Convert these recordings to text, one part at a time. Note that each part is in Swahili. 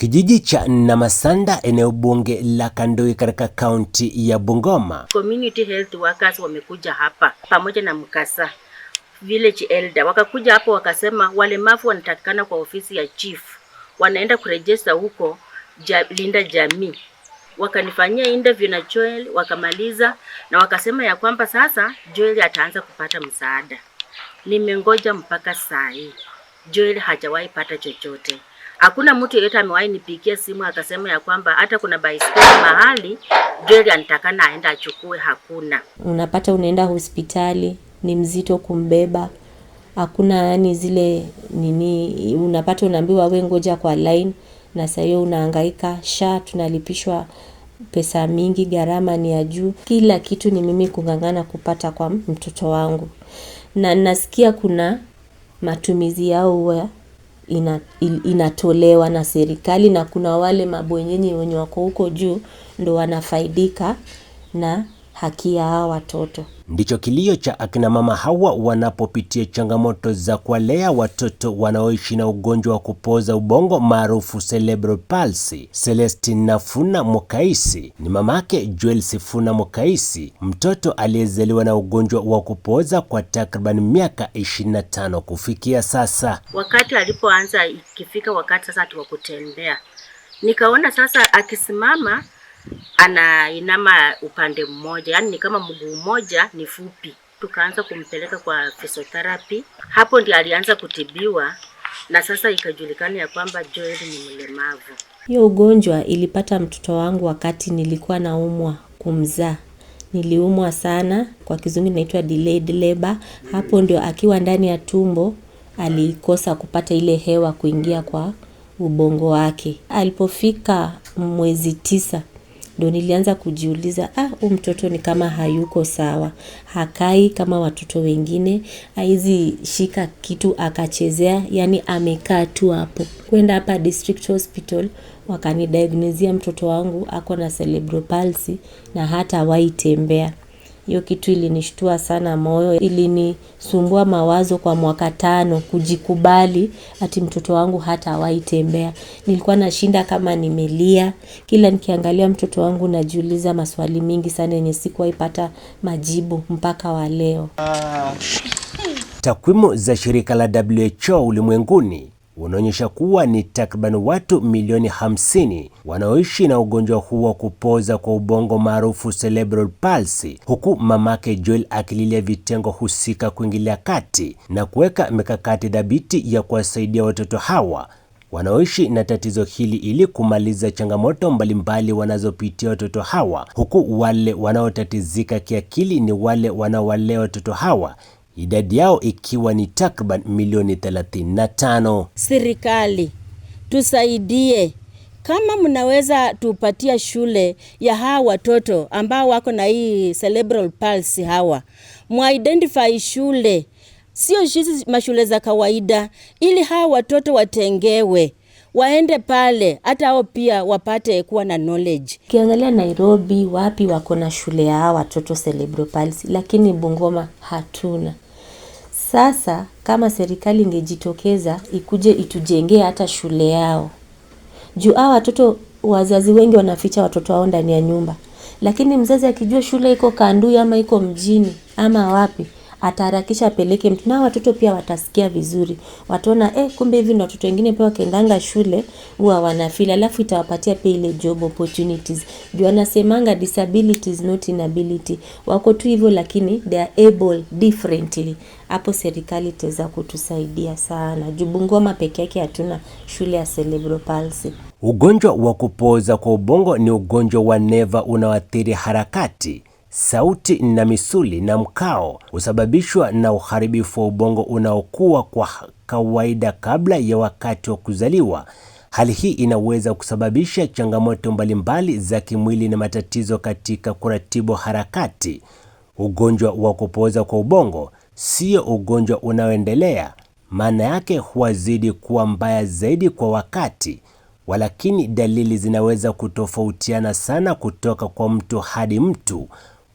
Kijiji cha Namasanda eneo bunge la kandoi katika kaunti ya Bungoma. Community health workers wamekuja hapa pamoja na mkasa village elder, wakakuja hapo wakasema walemavu wanatakikana kwa ofisi ya chief, wanaenda kurejesta huko ja, linda jamii. Wakanifanyia interview na Joel wakamaliza, na wakasema ya kwamba sasa Joel ataanza kupata msaada. Nimengoja mpaka saa hii Joel hajawahi pata chochote. Hakuna mtu yeyote amewahi nipigia simu akasema ya kwamba hata kuna baiskeli mahali Jerry anatakana aenda achukue, hakuna. Unapata unaenda hospitali ni mzito kumbeba, hakuna yani zile nini, unapata unaambiwa we ngoja kwa line, na saa hiyo unahangaika sha, tunalipishwa pesa mingi, gharama ni ya juu, kila kitu ni mimi kung'ang'ana kupata kwa mtoto wangu, na nasikia kuna matumizi yao huwa ina, inatolewa na serikali na kuna wale mabwenyenye wenye wako huko juu ndo wanafaidika na haki ya hawa watoto. Ndicho kilio cha akina mama hawa wanapopitia changamoto za kuwalea watoto wanaoishi na ugonjwa wa kupooza ubongo maarufu cerebral palsy. Celestine Nafuna Mokaisi ni mamake Joel Sifuna Mokaisi, mtoto aliyezaliwa na ugonjwa wa kupooza kwa takriban miaka 25 kufikia sasa. Wakati alipoanza ikifika wakati sasa tuwa kutembea, nikaona sasa akisimama anainama upande mmoja, yaani ni kama mguu mmoja ni fupi. Tukaanza kumpeleka kwa physiotherapy, hapo ndio alianza kutibiwa na sasa ikajulikana ya kwamba Joel ni mlemavu. Hiyo ugonjwa ilipata mtoto wangu wakati nilikuwa naumwa kumzaa niliumwa sana, kwa kizungu inaitwa delayed labor. Hapo ndio akiwa ndani ya tumbo alikosa kupata ile hewa kuingia kwa ubongo wake. Alipofika mwezi tisa, ndo nilianza kujiuliza ah, huu mtoto ni kama hayuko sawa, hakai kama watoto wengine, aizi shika kitu akachezea, yani amekaa tu hapo. Kwenda hapa district hospital wakanidiagnosia mtoto wangu ako na cerebral palsy na hata waitembea. Hiyo kitu ilinishtua sana moyo, ilinisumbua mawazo kwa mwaka tano kujikubali ati mtoto wangu hata tembea. Nilikuwa nashinda kama nimelia. Kila nikiangalia mtoto wangu najiuliza maswali mingi sana yenye siku waipata majibu mpaka wa leo. Takwimu za shirika la WHO ulimwenguni unaonyesha kuwa ni takriban watu milioni 50 wanaoishi na ugonjwa huu wa kupoza kwa ubongo maarufu cerebral palsy, huku mamake Joel akililia vitengo husika kuingilia kati na kuweka mikakati dhabiti ya kuwasaidia watoto hawa wanaoishi na tatizo hili ili kumaliza changamoto mbalimbali wanazopitia watoto hawa, huku wale wanaotatizika kiakili ni wale wanaowalea watoto hawa idadi yao ikiwa ni takriban milioni 35. Serikali tusaidie, kama mnaweza tupatia shule ya hawa watoto ambao wako na hii cerebral palsy. Hawa muidentify shule, sio hizi mashule za kawaida, ili hawa watoto watengewe waende pale hata hao pia wapate kuwa na knowledge. Ukiangalia Nairobi, wapi wako na shule ya watoto cerebral palsy, lakini Bungoma hatuna. Sasa kama serikali ingejitokeza ikuje itujengee hata shule yao. Juu hawa watoto wazazi wengi wanaficha watoto wao ndani ya nyumba. Lakini mzazi akijua shule iko Kanduyi ama iko mjini ama wapi, ataharakisha apeleke mtu, na watoto pia watasikia vizuri, wataona eh, kumbe hivi ndo watoto wengine pia wakiendanga shule huwa wanafeel, alafu itawapatia pia ile job opportunities juu anasemanga disability is not inability, wako tu hivyo, lakini they are able differently. Hapo serikali itaweza kutusaidia sana, juu Bungoma peke yake hatuna shule ya cerebral palsy. Ugonjwa wa kupooza kwa ubongo ni ugonjwa wa neva unaoathiri harakati sauti na misuli na mkao husababishwa na uharibifu wa ubongo unaokuwa kwa kawaida kabla ya wakati wa kuzaliwa. Hali hii inaweza kusababisha changamoto mbalimbali za kimwili na matatizo katika kuratibu harakati. Ugonjwa wa kupooza kwa ubongo sio ugonjwa unaoendelea, maana yake huwazidi kuwa mbaya zaidi kwa wakati, walakini dalili zinaweza kutofautiana sana kutoka kwa mtu hadi mtu.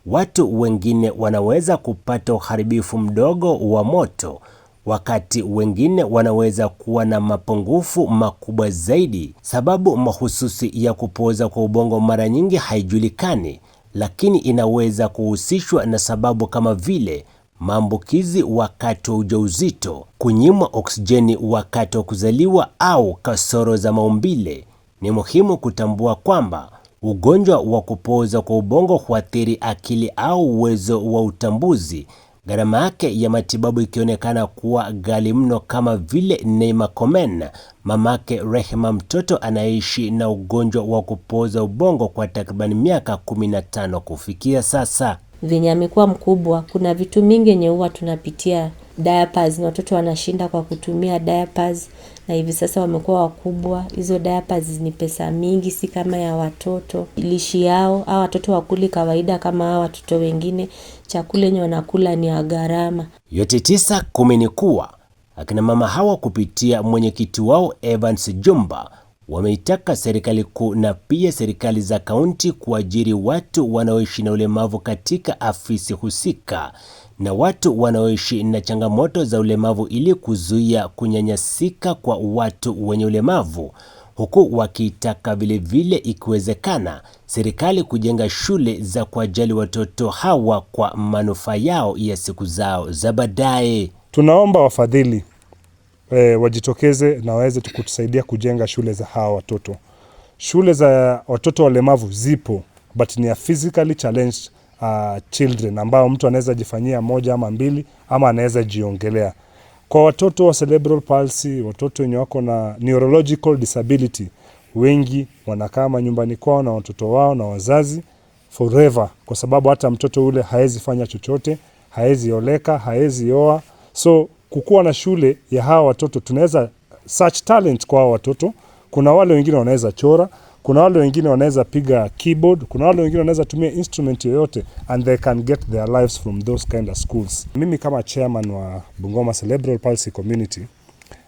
Watu wengine wanaweza kupata uharibifu mdogo wa moto, wakati wengine wanaweza kuwa na mapungufu makubwa zaidi. Sababu mahususi ya kupooza kwa ubongo mara nyingi haijulikani, lakini inaweza kuhusishwa na sababu kama vile maambukizi wakati wa ujauzito, kunyimwa oksijeni wakati wa kuzaliwa au kasoro za maumbile. Ni muhimu kutambua kwamba Ugonjwa wa kupooza kwa ubongo huathiri akili au uwezo wa utambuzi, gharama yake ya matibabu ikionekana kuwa ghali mno, kama vile Neema Komen, mamake Rehema, mtoto anayeishi na ugonjwa wa kupooza ubongo kwa takriban miaka 15 kufikia sasa. Venye amekuwa mkubwa, kuna vitu mingi yenye huwa tunapitia diapers na watoto wanashinda kwa kutumia diapers na hivi sasa wamekuwa wakubwa. Hizo diapers ni pesa mingi, si kama ya watoto. Lishi yao au watoto wakuli kawaida kama hao watoto wengine. Chakula yenye wanakula ni ya gharama. Yote tisa kumenikuwa akina mama hawa kupitia mwenyekiti wao Evans Jumba wameitaka serikali kuu na pia serikali za kaunti kuajiri watu wanaoishi na ulemavu katika afisi husika na watu wanaoishi na changamoto za ulemavu ili kuzuia kunyanyasika kwa watu wenye ulemavu huku wakitaka vilevile ikiwezekana serikali kujenga shule za kuwajali watoto hawa kwa manufaa yao ya siku zao za baadaye. Tunaomba wafadhili e, wajitokeze na waweze kutusaidia kujenga shule za hawa watoto. Shule za watoto walemavu zipo but ni physically challenged uh, children ambao mtu anaweza jifanyia moja ama mbili ama anaweza jiongelea. Kwa watoto wa cerebral palsy, watoto wenye wako na neurological disability, wengi wanakaa nyumbani kwao na watoto wao na wazazi forever, kwa sababu hata mtoto ule haezi fanya chochote, haezi oleka, haezi oa. So kukuwa na shule ya hawa watoto, tunaweza search talent kwa hawa watoto. Kuna wale wengine wanaweza chora kuna wale wengine wanaweza piga keyboard, kuna wale wengine wanaweza tumia instrument yoyote and they can get their lives from those kind of schools. Mimi kama chairman wa Bungoma Cerebral Palsy Community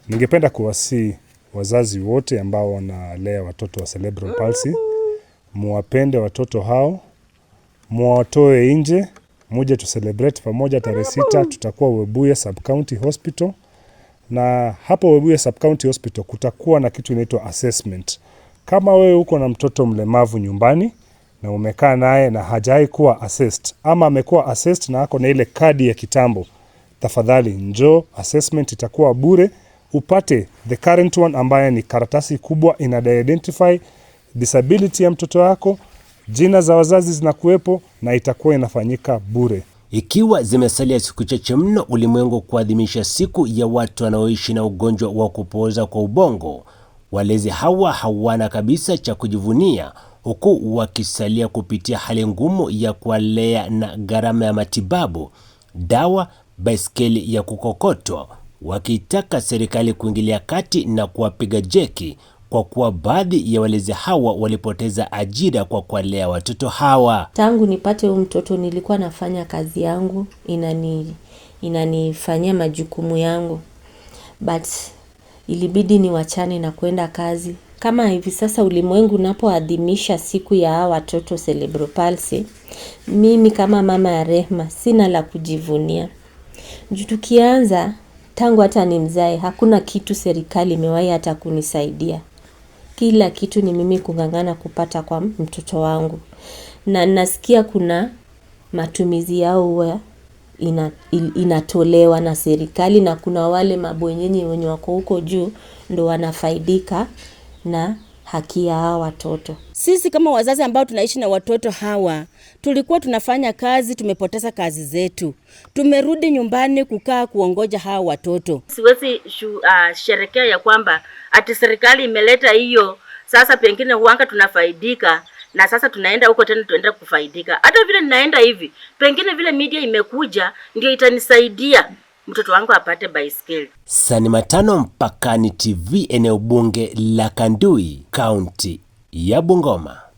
ningependa kuwasii wazazi wote ambao wanalea watoto wa cerebral palsy, muwapende watoto hao, muwatoe nje, muje tu celebrate pamoja. Tarehe sita tutakuwa Webuye Sub County Hospital, na hapo Webuye Sub County Hospital kutakuwa na kitu inaitwa assessment. Kama wewe uko na mtoto mlemavu nyumbani na umekaa naye na hajai kuwa assessed ama amekuwa assessed na ako na ile kadi ya kitambo, tafadhali njoo. Assessment itakuwa bure, upate the current one ambaye ni karatasi kubwa ina identify disability ya mtoto wako, jina za wazazi zinakuwepo na itakuwa inafanyika bure. Ikiwa zimesalia siku chache mno ulimwengu kuadhimisha siku ya watu wanaoishi na ugonjwa wa kupooza kwa ubongo, Walezi hawa hawana kabisa cha kujivunia, huku wakisalia kupitia hali ngumu ya kuwalea na gharama ya matibabu, dawa, baiskeli ya kukokotwa, wakitaka serikali kuingilia kati na kuwapiga jeki kwa kuwa baadhi ya walezi hawa walipoteza ajira kwa kuwalea watoto hawa. Tangu nipate huyu mtoto nilikuwa nafanya kazi yangu, inani inanifanyia majukumu yangu but ilibidi ni wachane na kuenda kazi. Kama hivi sasa ulimwengu unapoadhimisha siku ya hawa watoto palsy, mimi kama mama ya rehma sina la kujivunia. juu tukianza tangu hata ni mzae hakuna kitu serikali imewahi hata kunisaidia. Kila kitu ni mimi kung'ang'ana kupata kwa mtoto wangu. Na nasikia kuna matumizi yao huwa ina, inatolewa na serikali na kuna wale mabwenyenye wenye wako huko juu ndo wanafaidika na haki ya hawa watoto. Sisi kama wazazi ambao tunaishi na watoto hawa, tulikuwa tunafanya kazi, tumepoteza kazi zetu, tumerudi nyumbani kukaa kuongoja hawa watoto. Siwezi shu, uh, sherekea ya kwamba ati serikali imeleta hiyo sasa, pengine huanga tunafaidika na sasa tunaenda huko tena, tuenda kufaidika. Hata vile ninaenda hivi, pengine vile media imekuja ndio itanisaidia mtoto wangu apate baiskeli. Sani Matano, Mpakani TV, eneo bunge la Kandui, kaunti ya Bungoma.